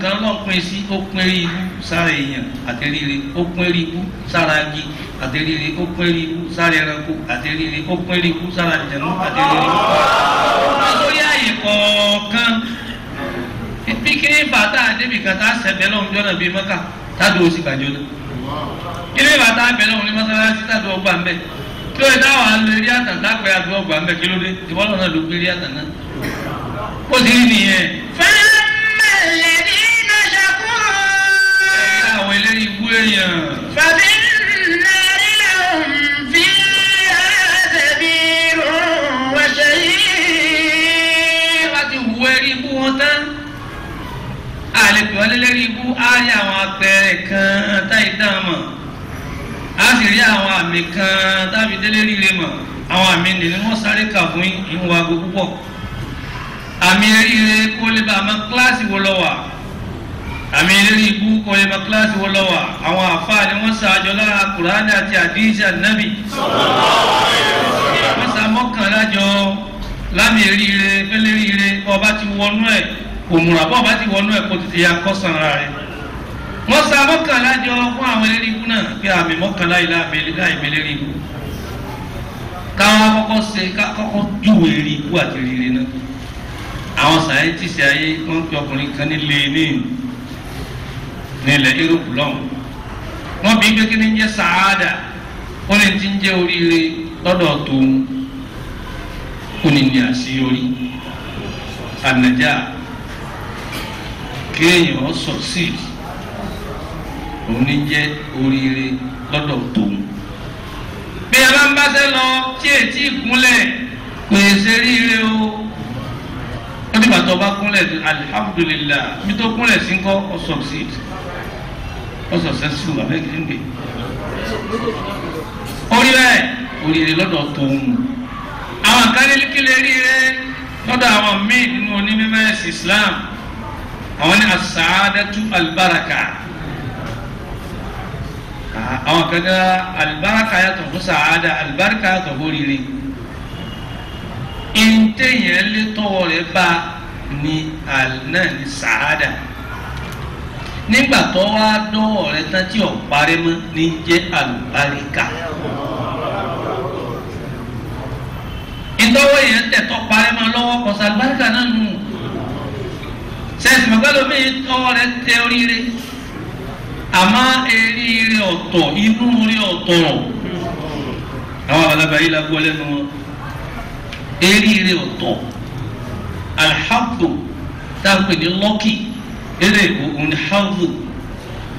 gan lọ pin sí ó pin rí ibú sára èèyàn àtẹríire ó pin rí ibú sára agi àtẹríire ó pin rí ibú sára ẹranko àtẹríire ó pin rí ibú sára ìjẹun àtẹríire. àtòrí àyè kọ̀ọ̀kan bí kéré bàtà débi kàtà sẹ̀bẹ̀ lọ́hùn jọ́nà bíi mọ́kà tádùn ó sì gbàjọ́ náà. kéré bàtà bẹ̀ lọ́hùn ní mọ́sálásí tádùn ọgbà ń bẹ̀ kí ló dé táwọn àlọ́ eré àtàntà pé àdúgbò ọgbà ń bẹ̀ kí ló dé ìwọ́lọ́ èèyàn. bàbá nàrí lòun fi àtẹ̀bí òun ibú wọn àwọn apẹ̀rẹ̀ kan táyì dá mọ̀. a sì rí àwọn àmì kan tábí délé ríire mọ̀. àwọn àmì nìyí wọ́n sáré kà fún ìwà gbogbo pọ̀. àmì eríire kó lè bá a mọ kíláàsì wo lọ wà àmì ìrírí ikú kọlẹ̀ bá kíláàsì wọ lọ́wọ́ àwọn àfáà ni wọ́n ṣàjọ lára kùránì àti àdìsí ànábì. wọ́n ṣa mọ́kànlá jọ lámì eríire fẹ́lẹ́ eríire bọ́ ọba ti wọnú ẹ̀ kò múra bọ́ ọba ti wọnú ẹ̀ kò tètè ya kọ́ sanra rẹ̀. wọ́n ṣa mọ́kànlá jọ fún àwọn eléri ikú náà pé àmì mọ́kànlá ìlà àmì eléri ikú. káwọn akọ́kọ́ ṣe kákọ́kọ́ júwèé erí ikú àti eríire náà. àwọn sàyẹ́ntìsì ayé wọ́n ń ọkùnrin kan nílé ní ìlú nílẹ̀ Europe lọ́hùn wọ́n bí pé kí ni ń jẹ́ sàádà ó lè ti ń jẹ́ oríire lọ́dọ̀ tòun kò ní ní àṣeyọrí ànàjà kéèyàn sọ sí òun ní jẹ́ oríire lọ́dọ̀ tòun bí ẹ bá ń bá sẹ́ lọ tí ètí ìkúnlẹ̀ pèsè ríire o ó dìgbà tó bá kúnlẹ̀ alihamudulilayi mi tó kúnlẹ̀ sí ń kọ́ ọ sọ sí i ó sọ̀sẹ́sù abẹ́gẹ́gẹ́ gbé orí bẹ́ẹ̀ oríire lọ́dọ̀ tòun àwọn akárẹ́lẹ́kẹ́lẹ́ ríire lọ́dọ̀ àwọn míì nínú onímọ̀ ẹ̀sìn Islam àwọn ní asaadatu albaraka àwọn kaga albaraka yàtọ̀ fún saada albaraka yàtọ̀ fún oríire ìntẹ̀yẹ̀ lé tọ́wọ́ rẹ̀ bá ní àlùnáà ní saada nígbà tó wá dọ́wọ́ rẹ tán tí ò parí mọ́ ní jẹ́ àlùbáríkà. ìtọ́wọ́ yẹn tẹ̀ tọ́ parí mọ́ lọ́wọ́ kọ̀ọ̀sà àlùbáríkà náà nù. sẹ́ẹ̀sì mọ̀gbẹ́lómi tọ́wọ́ rẹ tẹ oríire àmọ́ eríire ọ̀tọ̀ inú orí ọ̀tọ̀ àwọn alábàáyí la gbọ́ lẹ́nu wọn eríire ọ̀tọ̀ alhamdu táwọn pè ní lọ́kì eré òun hawlu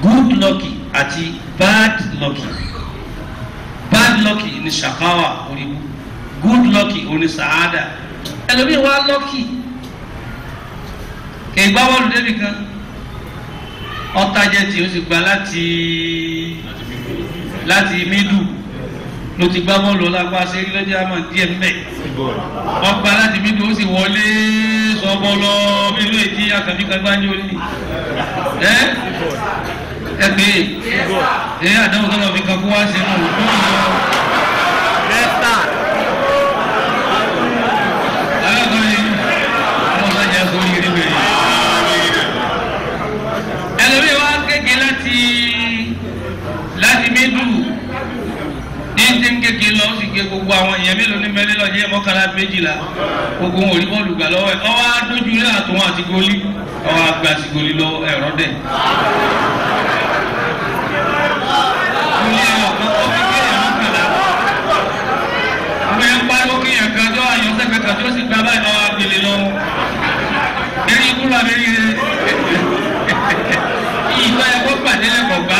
good lucky ati bad lucky bad lucky ni shakawa oríbu good lucky oni ni saada ẹlòmíì wa lucky kì í gbá bọ́ọ̀lù débi kan ọtajẹ tí ó sì gba láti láti mídù ló ti gbá bọ́ọ̀lù ọlágbá ṣe lọ́jà máa díẹ̀ mbẹ́ ọgbà láti mídù ó sì wọlé sọ ọbọ lọ inú ètí àtàbí kagbá ní òní ẹ ẹ pé ẹ àdáwò sọlọ mi kakú wá sínú òkú mi lọ. pé gbogbo àwọn èèyàn mélòó ní mẹ́lẹ́ lọ jẹ́ mọ́kànlá méjìlá gbogbo wọn ò rí bọ́ọ̀lù gbà lọ́wọ́ ẹ̀ ọwọ́ adójú ilé àtúnwọ̀n àti goli ọwọ́ àgbà sí goli lọ ẹ̀rọ dẹ̀. kàtó sì gba báyìí lọ́wọ́ agbèlè lọ. Ẹyin kúrò abẹ́rẹ́ yẹn. Ìgbà ẹ̀kọ́ pàdé lẹ́kọ̀ọ́ gbà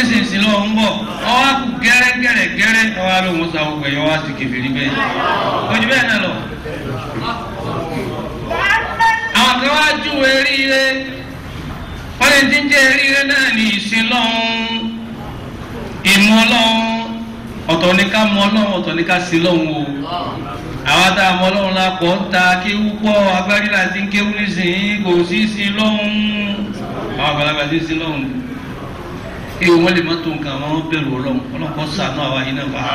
ẹsìn ìsìn lọ ń bọ̀ ọwọ́ kù gẹ́rẹ́gẹ́rẹ́ gẹ́rẹ́ alóhùn sáwọn ọgbẹ̀ wá sí kẹfìrí bẹ́ẹ̀ ojú bẹ́ẹ̀ náà lọ. àwọn kan wá júwe ríire wọ́n ti ń jẹ́ ríire náà ní ìsìn lọ́hún ìmọ̀ lọ́hún ọ̀tọ̀ ní ká mọ ọlọ́run ọ̀tọ̀ ní ká sin lọ́hún o àwa tá a mọ ọlọ́run la pọ̀ ń ta kéwú pọ̀ agbárí láti ń kéwú nísìnyí kò sí sin lọ́hún àwọn àgbàlagbà sí sin lọ́hún kí wọn lè má tó nǹkan àwọn wọn bẹ̀rù Ọlọ́run Ọlọ́run kọ sànú àwa yìí náà fàá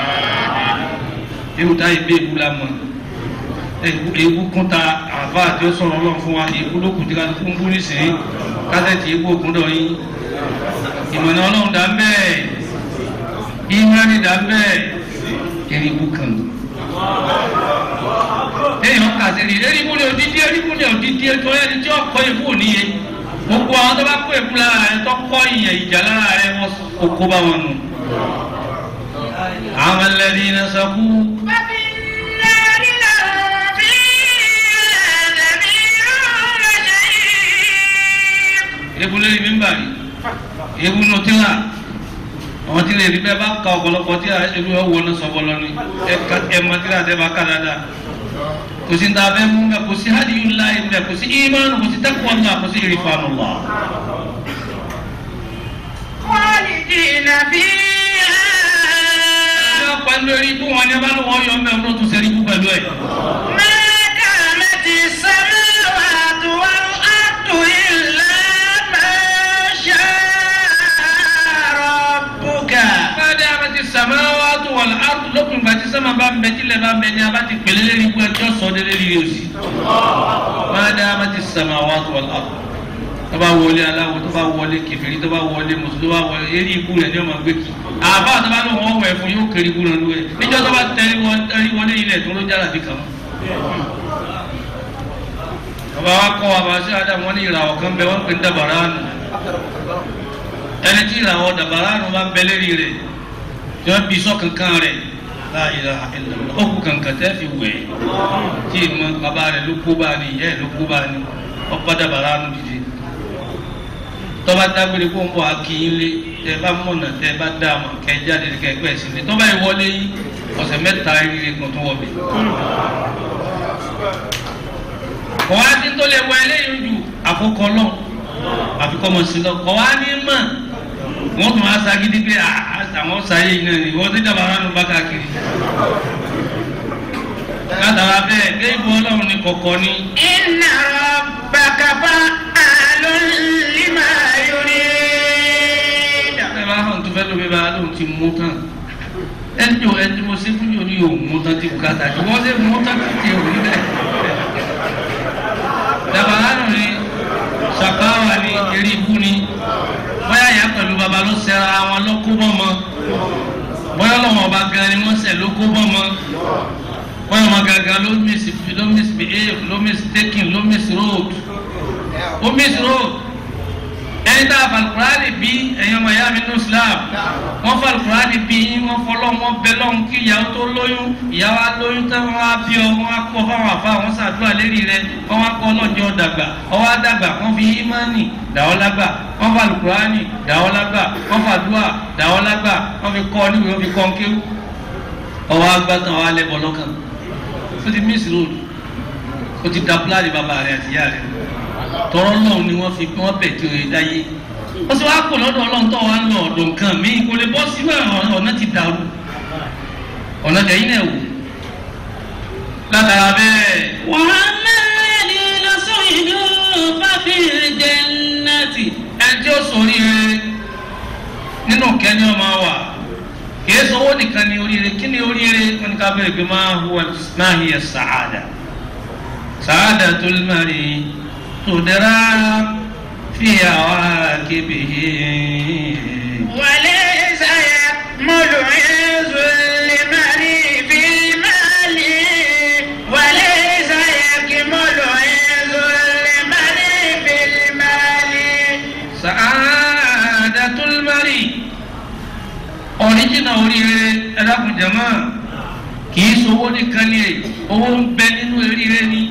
ewu táyé bí ewu la mọ ewu kúnta àbá àti ọsọrọ Ọlọ́run fún wa ewu ló kù tí ká fún kú nísìnyí kásẹ̀tì ewu òkun dọ̀ yín ìmọ̀nà Ọlọ́run dá mẹ́ẹ̀ ìmọ̀nà dá mẹ́ẹ̀ kẹrin ewu kan èèyàn kà erigbó ni òdìdí erigbó ni òdìdí ẹtọ́ ẹni tí ọkọ ewu ò níye gbogbo àwọn tó bá kó èkú lára rẹ tó kọ́ ìyẹn ìjà lára rẹ wọn kò kó bá wọn nù. àwọn ẹlẹ́rìí iná sọ kú. ewu lórí mímbà yìí ewu nù tíra àwọn tíra èdè bẹ́ẹ̀ bá ka ọ̀pọ̀lọpọ̀ tíra ewu ọ̀wọ́ náà sọ̀bọ̀ lọ́ni ẹ̀ka ẹ̀mọ tíra tẹ́ bá ká dáadáa kò sí ta fẹ́ mú mẹ́ kò nga hadiyullah mẹ́ kò sí imanu kò sí taqwallah kò sí irfanullah. khalidina fiha. ọjọ́ pẹ̀lú eré tó wọn ní bá lọ́wọ́ yọ mẹ́ ọdún tó sẹ́rí kú pẹ̀lú ẹ̀. ma kanat as-samawatu wọ̀lá áàtù lókun ìgbà tí sẹ́mà bá ń bẹ tí ilẹ̀ bá ń bẹ ní abá ti pèlè lérí ikú ẹjọ́ sọ ọ́ délé yìí òsì. máa dá a máa ti sàmà wá tó wọ̀lá áàtù. tó bá wọlé aláwo tó bá wọlé kẹfìrí tó bá wọlé mùsùlùmí tó bá wọlé eré ikú rẹ̀ ní ọmọ gbé kì. àbá tó bá lọ wọn wẹ̀ fún yóò kéré ikú rẹ̀ lóye níjọ́ tó bá tẹ̀lé wọlé ilẹ̀ tó ló jára bí kàn bàbá wa kọ́ wa bàbá sí adamu wọn ní ìràwọ̀ kan bẹ wọn pè ní dabaranu ẹni tí ìràwọ̀ dabaranu máa ń bẹ lérí rẹ̀ tí wọ́n bí sọ kankan rẹ̀ láàyè ẹlẹ́wọ̀n ó kú kankan tẹ́ fi wẹ̀ tí ìmọ̀ bàbá rẹ̀ ló kó bá ní ìyá ẹ̀ ló kó bá ní ọ̀pá dàbàrà nù dìde tọ́ba dágbére kó ń bọ̀ akínyínlé tẹ́ bá mọ̀nà tẹ́ bá dáàmú kẹ́ jáde kẹ́ pẹ́ sílé tọ́ba yìí wọlé yìí ọ̀sẹ̀ mẹ́ta rírì kan tó wọ̀ bẹ̀. kọ̀wá tí tó lè wọ eléyìí ju àkókò lọ àfikọ́ mọ̀ sí lọ kọ̀wá ní mọ̀ wọ́n tún á sa gidi pé àwọn sáyé yìí náà ni wọ́n ti dàbàrà ló bá káàkiri. látara bẹ́ẹ̀ pé ibo ọlọ́run ni kọ̀kọ́ ni. iná bàkàbà àlọ́límà yorì. ẹ bá hàn tó fẹ́ lómi bá lóun ti mú tán ẹjọ ẹjọ mo ṣe fún yòó ní òun tán ti bùkátà jù wọ́n ṣe mú tán ti òun bẹ́ẹ̀. dàbàrà ló ní wà ní eré ikú ni bóyá ìyá pẹ̀lú bàbá ló ṣẹra wọn ló bọ́mọ bóyá lọ́wọ́ ọba gan ni wọ́n ṣẹ̀ ló bọ́mọ bóyá ọmọ gangan ló miss ló miss behave ló miss taking ló miss road ó miss road ẹ̀yin tá bi, fa alukurani bí ọmọ ìyá mi ní islam wọ́n fa bi, bí yín wọ́n fọlọ́ wọn bẹ lọ́hùn kí ìyàwó tó lóyún ìyàwó alóyún tẹ́ wọ́n á bí ọ wọ́n á kọ́ fáwọn àfa wọ́n ṣàdúrà lérí rẹ wọ́n á kọ́ ọlọ́jọ́ dàgbà ọwọ́ á dàgbà wọ́n fi ímánì dàwọ́ lágbà wọ́n fa alukurani dàwọ́ lágbà wọ́n fa àdúrà dàwọ́ lágbà wọ́n fi kọ́ níwèé wọ́n fi kọ́ nkéwù ọwọ́ agbátan ọwọ́ alẹ́ bọ̀ lọ́kàn ti mí ìsirò ó ti da pílánì bàbá rẹ àtìyá rẹ lọ tọ́rọ́ náà ni wọ́n fi wọ́n bẹ̀ tí oye dáyé wọ́n sì wá kó lọ́dọ̀ ọlọ́run tó wà ń lọ ọ̀dọ̀ nǹkan mi kò lè bọ́ síbẹ̀ ọ̀nà ti dàrú ọ̀nà tẹ̀yìn náà wò látara bẹ́ẹ̀. Muhammad lọ́sọ̀ ìlú fàfi jẹ́ nàti ẹjẹ́ òsòrí rẹ nínú kẹ́ni ọmọ wa kìí sọ́wọ́ nìkan ni oríire kí ni oríire wọn ká bẹ̀rẹ̀ pé máa hu ẹ̀ náà yẹ sàádà sàádà tó lè má rí i. تدرى في عواقبه وليس يقبل عز لمن في المال وليس يكمل عز لمن في المال سعادة المرء original oríire ẹ̀dàkùn jẹ̀mọ́ kì í sọ owó nìkan ni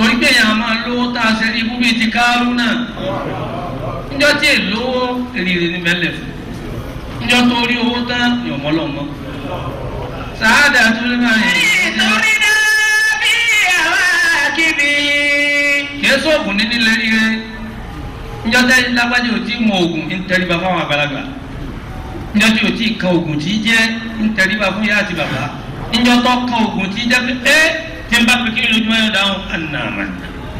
torí pé èèyàn máa lówó tá a ṣe rí ibú bíi ti kárúnà níjọ́ tí èlówó èrìrì ní mẹ́lẹ̀ fún níjọ́ tó rí owó tán ni ọ̀mọ́lọ́mọ́ sàádà tó lè máa yẹ. nítorí náà bí àwa kíbi. kìí sóògùn ní nílé rírẹ níjọ́ tẹ́ lágbájá ò mọ oògùn ń tẹríba fáwọn àgbàlagbà níjọ́ tí ò kan oògùn tí jẹ́ ń fún yá bàbá níjọ́ tó kan oògùn tí jẹ́ pé ẹ́ tí n bá fi kí lójúmọ́ yóò dáhùn ànàmà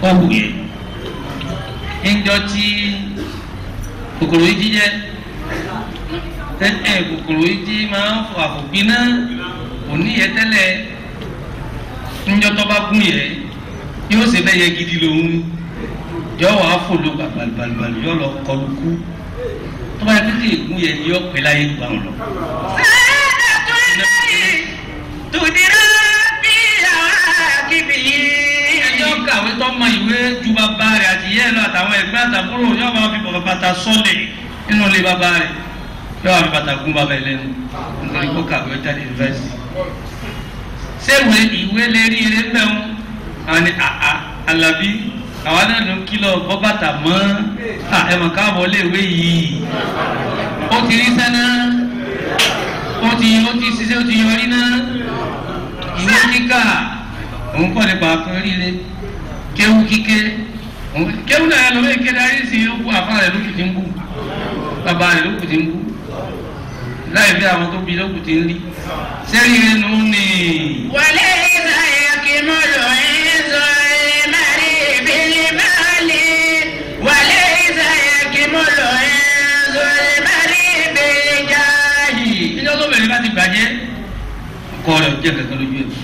ọ̀hù yẹ ńjọ tí kòkòrò yìí jíjẹ tẹ́tẹ́ kòkòrò yìí jí máa ń fọ àfòpiná òníyẹ tẹ́lẹ̀ ńjọ tó bá gún yẹ yóò ṣe bẹ́ẹ̀ yẹ gidi lòun yọ wàá fò ló gbàgbàgbàgbà yọ lọ kọlu kú tó bá yẹ kí ègún yẹ yọ pé láyé gbà wọn lọ. sẹ́ẹ̀dẹ̀ tó yẹ tó dira bìlí ẹjọ́ kàwé tó mọ ìwé ju bàbá rẹ̀ àti ìyá ẹ̀ lọ àtàwọn ẹ̀gbẹ́ àtàbúrò yóò máa fi bọ̀ bàtà sọ́lẹ̀ nínú ilé bàbá rẹ̀ yóò máa fi bàtà gún bàbá ẹ̀ lẹ́nu nítorí kó kàwé jáde yunifásitì. ṣé ìwé ìwé eré mẹ́wọ́n àwọn ni àá alábí àwọn náà ló ń kìlọ̀ bọ́ bàtà mọ́ ẹ̀mọ̀ káàbọ̀ léèwé yìí ó ti rí sẹ́nà ó ti ó ti ṣiṣẹ́ ó ti yọrí náà ìwé kíkà òun kọ́ nípa fún ríire kéwú kíké kéwú náà lọ bẹ́ẹ̀ kéde ayé sí owó àfa rẹ̀ lókù ti ń bù bàbá rẹ̀ lókù ti ń bù láì fi àwọn tó bi lókù ti ń rí sẹ́yìn rẹ̀ nù ní. wọlé ìdáyà kí mo lò ẹ́ sọ ẹ́ máa rí ìbílẹ̀ máa lè wọlé ìdáyà kí mo lò ẹ́ sọ ẹ́ máa rí ìbílẹ̀ jáde. ìjọba obìnrin bá ti bàjẹ́ ọkọ rẹ̀ jẹ́ kankan lójú ẹ̀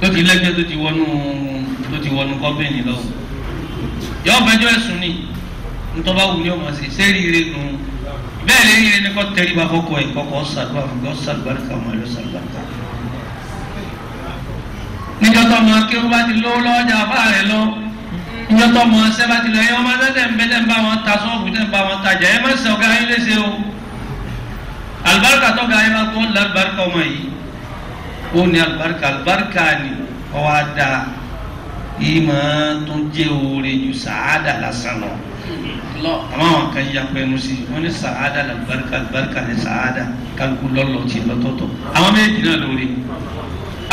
tó ti lẹ́jọ́ tó ti wọnú tó ti wọnú kọ́bìnrin lọ́wọ́ yọ ọbẹjọ ẹ̀sùn ni ntọ́ba wù ní ọmọ sí sẹ́rí ire nù bẹ́ẹ̀ lè yẹ ní kọ́ tẹ́ríba fọkọ ẹ̀ kọ́kọ́ ṣàdúrà fún kọ́ ṣàlùbáríkà ọmọ ẹ̀rọ ṣàlùbáríkà. níjọ́ tó ọmọ akéwú bá ti lówó lọ́wọ́ jà fáà rẹ̀ lọ níjọ́ tó ọmọ ẹsẹ́ bá ti lọ ẹ̀ ọmọ tẹ́tẹ̀ ń bẹ́ tẹ́ ń bá wọn ta sọ́ọ̀bù tẹ́ ń bá wọn tajà ẹ̀ má sẹ́ ọ̀gá ayé léṣe o àlùbáríkà tó ga ayé bá tó lálùbáríkà ọmọ yìí ó ní alibarika alibarika ni ọwọ́ ada ìmọ̀ tó jẹ́ oore ju sàádà lásán lọ àmọ́ àwọn kan yà pẹ́ẹ́nu sí i wọ́n ní sàádà alibarika alibarika ni sàádà kálukú lọ́lọ́ tiẹ̀ lọ́tọ̀ọ̀tọ̀ àwọn méjì náà lóore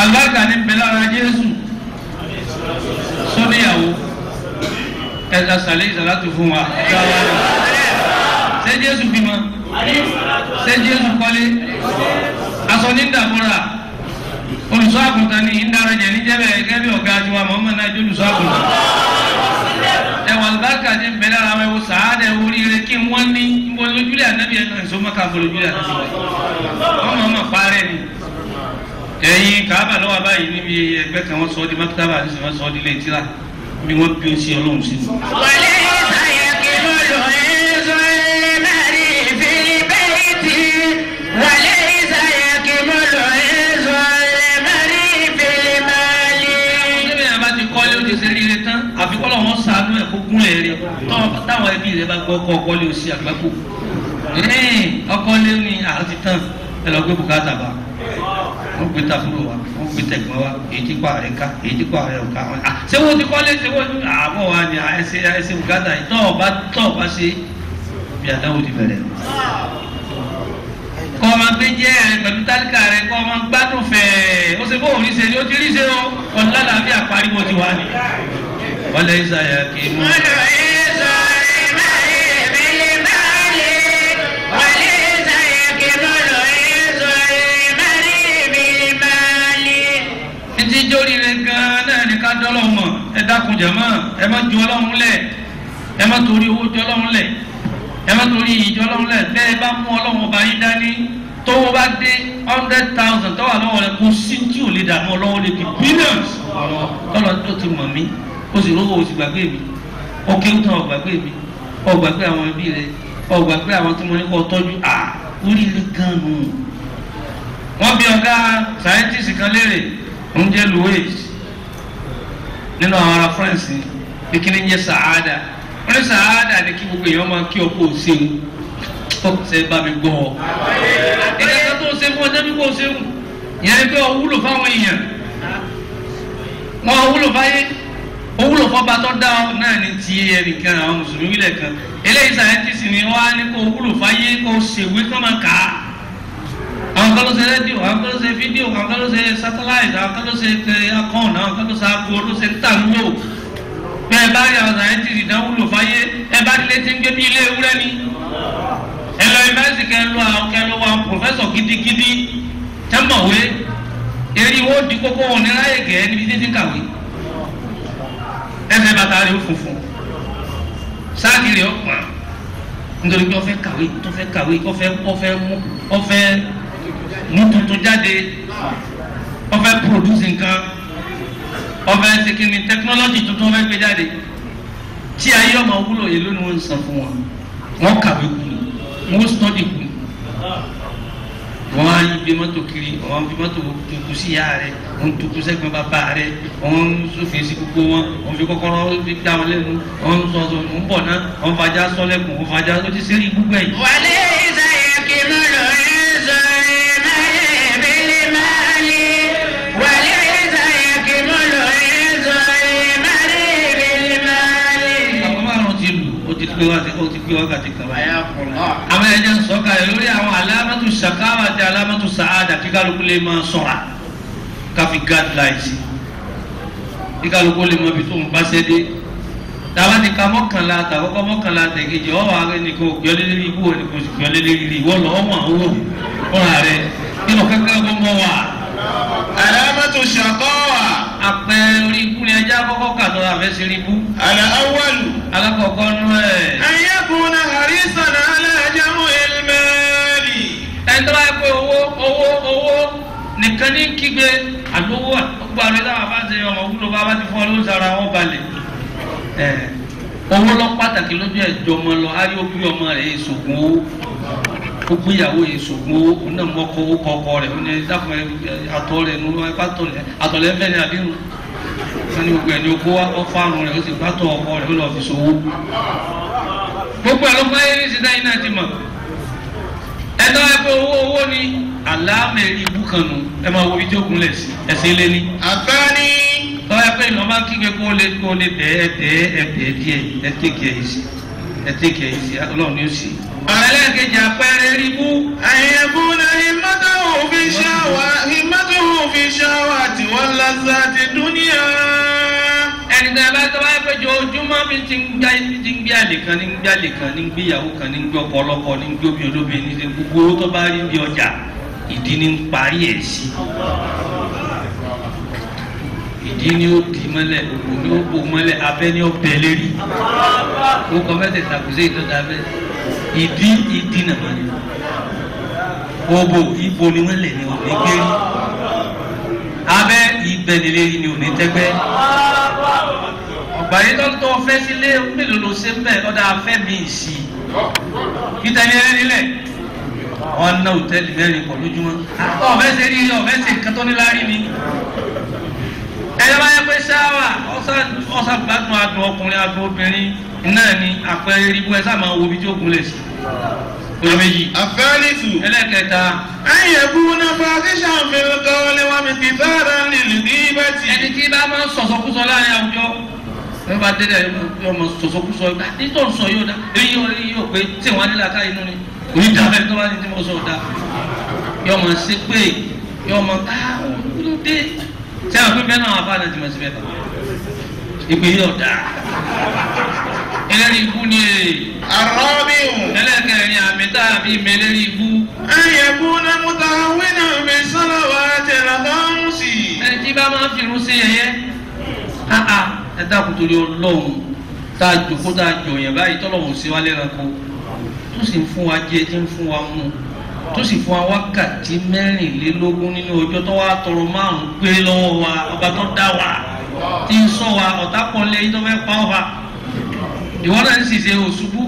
alibarika ni bẹ́ẹ̀ lára Jésù sọ́níyàwó ẹ̀ka sàlẹ̀ ìsàlátù fún wa ṣé Jésù bímọ ṣé Jésù kọ́lé aṣọ olùṣọ́ àgùntàn ni ìdárajẹ níjẹ́bẹ̀ gẹ́gẹ́ bí ọ̀gá tiwa mọ̀mọ́ náà jẹ́ olùṣọ́ àgùntàn. ẹ̀wọ̀n àlùbáríkà ti ń bẹ lára wọn ẹ̀wọ̀ sàádẹ̀ oríire kí wọ́n ní ìbọ̀lójúlẹ̀ ànábì ẹ̀ náà ìṣó mọ́ka bọ̀lójúlẹ̀ ànábì wọn mọ̀ mọ̀ parẹ́ ni. ẹ̀yin kàábà lọ́wọ́ báyìí níbi ẹgbẹ́ kan wọ́n sọ ọ́ di mọ́tàbà kọ́lọ̀ wọn sàánú ẹ̀ kó gún ẹ̀ rẹ táwọn ẹbí rẹ bá gbọ́ ọkọ ọkọ lé o sí àgbákò ọkọ lé ní àti tán ẹ lọ gbé bùkátà bá wọn gbé tàbúrò wa wọn gbé tẹ̀gbọ́n wa èyí tí kọ́ àrẹ ká èyí tí kọ́ àrẹ ò ká wọn. ṣé wọ́n ti kọ́lé ṣé wọ́n ti àbọ̀ wa ni àìsè àìsè bùkátà yìí tọ́ ọba tọ́ ọba ṣe bí adáwò ti bẹ̀rẹ̀. kọ́ ọmọ gbé jẹ́ rẹ pẹ̀lú tálíkà rẹ kọ́ ọmọ gbádùn fẹ́ẹ́ ó ṣe bóun ní ṣe ni ó ti rí ṣe o ọ̀dọ́ làbí àpariwo ti wá ni. وليس يكيم وليس jíjórí rẹ gan náà ní ká dọ́lọ́ mọ̀ ẹ dákun jẹ̀mọ́ ẹ má ju ọlọ́run lẹ̀ ẹ má torí owó ju ọlọ́run lẹ̀ ẹ má torí iyì ju ọlọ́run lẹ̀ bẹ́ẹ̀ bá mú ọlọ́run ọba yín dání tówó bá dé hundred thousand tọ́wọ́ àlọ́wọ́ rẹ kó sí tí ò lè dààmú ọlọ́wọ́ lè fi billions tọ́lọ́ tó ti mọ̀ mí o sì rówó o sì gbàgbé mi ọkẹ́ ń tán ọgbàgbé mi ọgbàgbé àwọn ẹbí rẹ ọgbàgbé àwọn tó mọ ní kó tọ́jú à oríire gan nù. wọ́n bí ọ̀gá sáyẹ́ntìsì kan léèrè ń jẹ́ Louis nínú àwọn ará France ní kí ni ń jẹ́ sàádà wọ́n ní sàádà ní kí gbogbo èèyàn máa kí ọkọ̀ òṣèlú ṣe bá mi gbọ́ ọ. ìdájọ́ tó ṣe fún ọjọ́ nígbà òṣèlú ìyẹn pé ọ wúlò fáwọn èèyàn wọn wúlò fáyé ó wúlò fọba tó dá ọ náà ní ti ẹnìkan àwọn mùsùlùmí wílẹ̀ kan eléyìí sáyẹ́ntìsì ni wọ́n á ní kó wúlò fáyé kó ṣèwé kó máa kà á àwọn kan ló ṣe rédíò àwọn kan ló ṣe fídíò àwọn kan ló ṣe sátáláìtì àwọn kan ló ṣe eh, akọ́ọ̀n àwọn kan ló ṣe aago ló ṣe tàǹgbò bẹ́ẹ̀ bá rí àwọn sáyẹ́ntìsì náà wúlò fáyé ẹ bá nílé tí ń gbé bí ilé ewúrẹ́ ni ẹ lọ yunifásitì kẹ ẹsẹ̀ bàtà rẹ̀ ó funfun sáàkì rẹ̀ ó pọ̀n nítorí pé ọfẹ́ kàwé ọfẹ́ kàwé ọfẹ́ ọfẹ́ ọfẹ́ mú tuntun jáde ọfẹ́ pòdúsì nǹkan ọfẹ́ sèkìní tẹkinọ́lọ́jì tuntun ọfẹ́ gbé jáde tí ayé ọmọ wúlò yìí lónìí wọ́n ń san fún wọn wọ́n kàwé kù wọ́n stọ́dì kù wọn á gbé mọ́tò kiri wọn fi mọ́tò sí ìyá rẹ wọn tukù sẹ́gbọ́n bàbá rẹ wọn sófin sí gbogbo wọn wọn fi kọ́kọ́rọ́ fi gbá wọn lẹ́nu wọn sọ sọ ń bọ̀ náà wọn fàjà sọlẹ̀kùn wọn fàjà ó ti sẹ́rí gbogbo ẹ̀. wàlẹ́ ìdáyà kí pé wákàtí ó ti pé wákàtí kan báyìí. àmọ́ ẹ̀jẹ̀ ń sọ́ka ẹ̀ lórí àwọn alámọ́tò sàkáwà àti alámọ́tò sàádà kí kálukú lè máa sọ̀ra káfí guidelines kí kálukú lè mọ ibi tó ń bá sẹ́dé tàbá ti ka mọ́kànlá tàkọ́kọ́ mọ́kànlá tẹ̀kejì ọ̀wọ́ ààrẹ nìkan ògbẹ́lélẹ́rí ibú òní kò sì gbẹ́lélẹ́rí ìwọ lọ ọmọ àwọn òwò fúnra rẹ nínú kankan gbọ́ngbọ́n wà. alámọ́tò sàkáwà àpẹẹrẹ ribu ni ẹja kọ́kọ́ kà tó àfẹ́ sí ibú. àlà awọ́lù. alákọ̀ọ́kọ́ nú ẹ̀. ayé kun na harisan alájàmú ilmẹ́ẹ̀lì. ẹni tó bá yẹ pé owó owó owó nìkan ní kígbe àlówó àgbà rẹ táwọn bá ṣe ọmọ wúlò bá bá ti fọ́ lóṣù ara wọn balẹ̀. owó lọ pàtàkì lójú ẹ̀jọ̀ ọmọ lọ ayé ó ọmọ rẹ̀ èso kún ó gbé ìyàwó yìí ṣùgbọ́n òun náà mọ kó kọ ọkọ rẹ̀ ó ní dákun àtọ rẹ̀ nù ẹgbẹ́ àtọ̀lẹ́ mẹ́rin àbírùn wọn ni gbogbo ẹni okó ọkọ àrùn rẹ̀ ó sì bá tọ ọkọ rẹ̀ ó lọ fi ṣòwò. gbogbo àlọ́gbọ́n ayé ní ìsìnká yìí náà ti mọ̀ ẹ̀dọ́ ẹgbẹ́ owó owó ni àlámẹ̀ ibú kan nù ẹ máa wo ibi tí ó kúnlẹ̀ sí ẹ̀sìn ilé ni. àbáni. tọ́ ẹgbẹ́ ìlú ọmọ kíkẹ́ kó lè tẹ́ ẹ̀tẹ́ ẹ̀tẹ́ díẹ̀ ẹ̀tẹ́ kìí ẹ̀yìn sí ẹtí kì í sí ọlọ́run ni ó sì. ọ̀rẹ́lẹ̀ kejì àpẹẹrẹ ribú. àyẹ̀bù náà ìmọ̀tòwò fi ṣáwà ìmọ̀tòwò fi ṣáwà tí wọ́n lọ́sà ti dúníà. ẹni tí a bá tọ́ bá yẹ pé ojoojúmọ́ mi ti ń gbá ti ń gbé àlè kan ní ń gbé àlè kan ní ń gbé ìyàwó kan ní ń gbé ọkọ ọlọ́kọ ní ń gbé obìnrin olóbìnrin ní gbogbo owó tó bá rí bí ọjà ìdí ni ń parí ẹ̀ sí ìdí ni ó bì mọ́lẹ̀ òkú ni ó bò mọ́lẹ̀ abẹ́ ni ó bẹ̀ lérí ó kọ́ mẹ́tẹ̀ tàkùsẹ́ ìtọ́jà bẹ́ẹ̀ ìdí ìdí nàmọ́ ni òbò ìbò ni wọ́n lẹ̀ ní òní gbérí abẹ́ ìbẹ̀lẹ̀lẹ̀ ni òní tẹ́gbẹ́ ọ̀gbà yìí lọ́tọ́ fẹ́ sílé mélòó ló ṣe ń bẹ̀ ọ̀dà afẹ́ mi sí i kí tẹ́lẹ̀ ẹni nílẹ̀ ọ̀nà òtẹ́lì mẹ́rin pọ̀ lójúmọ́ ọ̀fẹ́ ṣe ọ̀fẹ́ ṣe nǹkan tó ni ẹlẹ́wàá yẹ pé ṣáwà ọ̀sán gbádùn adùn ọkùnrin adùn obìnrin náà ni àpẹẹrẹ ibú ẹ máa wo ibi tí ogun lè sí. Olùméjì. Àfẹ́rìsù. Ẹlẹ́kẹta. Ẹyẹ kú náà Fáṣíṣà mi lọ́kọ́ lẹ́wọ́n mi ti sára nílùú ní Bẹ́tì. Ẹni tí bá máa ń sọ̀sọ̀kúsọ láàrin àwùjọ. Bẹ́ẹ̀ bá délẹ̀ yóò máa sọ̀sọ̀kúsọ nítorí òun sọ yóò dá. Èyí yóò pé tí wọ́n á nílò aká inú ni. Òní dàbẹ̀ tó bá ní tí mo sọ̀ dá. Yóò máa ṣépè. Yóò ah, ká òun ló dé ṣé àwọn pínpín náà wà fún àdàtì mọ̀ sí bẹ́ẹ̀ bá ìpè yìí ọ̀dà ẹlẹ́rìí ikú ni èrè. àrọ́bíù. ẹlẹ́kẹ̀rin àmì tá a fi mẹ ẹlẹ́rìí ikú. ẹ̀yẹ̀kú náà mo ta wínà mi sọ́nà wà á tẹ̀ lọ́dọ̀ ọ̀hún sí. ẹ tí bá máa fi irun sí yẹyẹ. ẹ dákun torí ọlọ́run tá a jòkó tá a jọ̀yàn báyìí tọ́lọ́run sí wa lẹ́ranko tó sì ń fún wa jẹ tí ń fún wa mú tó sì fún wa wákàtí mẹ́rìnlélógún nínú ọjọ́ tó wá tọrọ márùn-ún pé lọ́wọ́ wa ọba tó dá wa tí ń sọ wa ọ̀tá pọ̀lẹ́ yìí tó fẹ́ pa wa ìwọ náà ń ṣiṣẹ́ òṣùbù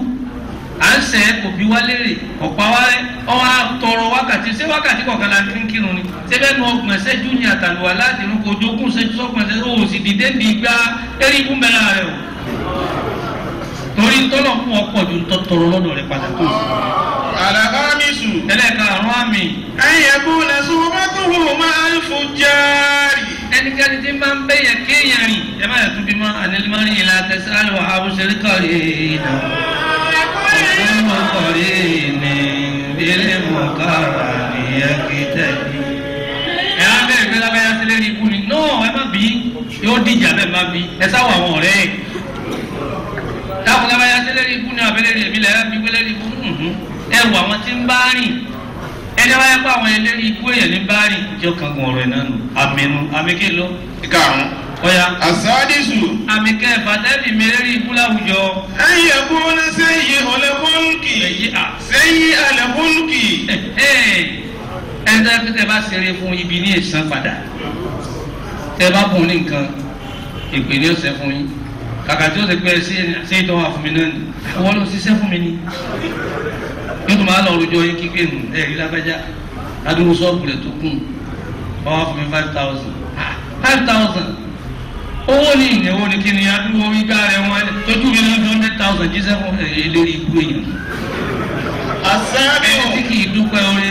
à ń sẹ́ kò bí wá lérè ọ̀pá wa rẹ̀ ọwọ́ àtọrọ wákàtí ṣé wákàtí kọ̀ọ̀kan la fi ń kírun ni ṣé bẹ́ẹ̀ nu ọgbọ̀n ṣẹ́jú ni àtàlùwà láti rún kojú ogún ṣẹ́jú sọ́gbọ̀n ṣẹ́jú o sì dìde bí gbá eré ikú mẹ́ra rẹ̀ o torí tọ́lọ̀ fún ọkọ̀ ju tọ́tọrọ lọ́dọ̀ rẹ̀ padà tó o alakamisu. ẹlẹ́ka àrùn àmì. ayẹ̀kú lẹ́sùn mọ́tòwò máa ń fún jáàrì. ẹnikẹ́ni tí máa ń bẹ̀yẹ̀ kéèyàn rìn ẹ má yẹn tún bí mọ́ ànílímọ́rin ìlà tẹ̀síláàlù àbúṣẹ́rí kọ̀rí iná. ọ̀sùnmọ̀ kọ̀rí ni ilé mọ̀kàrà ni ẹ kì í tẹ̀lé. ẹ á bẹ̀rẹ̀ pé lábẹ́yà sílé rí ibú ni náà ẹ má bí yóò díjà bẹ́ẹ̀ má bí ẹ sáwọ àwọn ọ̀rẹ́ ẹ̀ lábẹ́yà sílé rí ibú ni àbẹ́lẹ́ rí ẹ̀mí lẹ́yà bí wẹ́lẹ́ rí ibú hmm, hmm ẹ wọ àwọn tí ń bá rìn ẹni wáyé pé àwọn ẹlẹ́rìí ikú èèyàn ní bá rìn jẹ́ kankan ọ̀rọ̀ ẹ̀ náà nù àmínú àmíkè ló. ìkarùn. ọ̀ya. àsáàdìsù. àmìkẹ́ ìfàtẹ́bì mẹ́rẹ́rì ikú láwùjọ. ẹyẹ kúrú sẹ́yìn ọ̀lẹ́kùnkì. sẹ́yìn ọ̀lẹ́kùnkì. ẹ̀ẹ́dẹ́ pété bá ṣeré fún ibi ní ìsan padà tẹ́ bá bùn ní nǹkan èpè ní ọ̀sẹ̀ fún yín kàkà tí ó ti pẹ́ sí ìdánwò àfúnmi náà ni àwọn ló ṣiṣẹ́ fún mi ni nítorí máa lọ rojọ́ yín kíkẹ́ nù ẹ̀ rí lágbájá ládùúgbò sọ́ọ̀bù rẹ̀ tó kùn ọwọ́ fún mi five thousand five thousand owó ní ìnáwó ní kí ni adúgbò igbá rẹ̀ wọn tójú mi ló ń dún ten thousand jíṣẹ́ fún eléré ikú èèyàn. ẹni tí kì í dúpẹ́ oore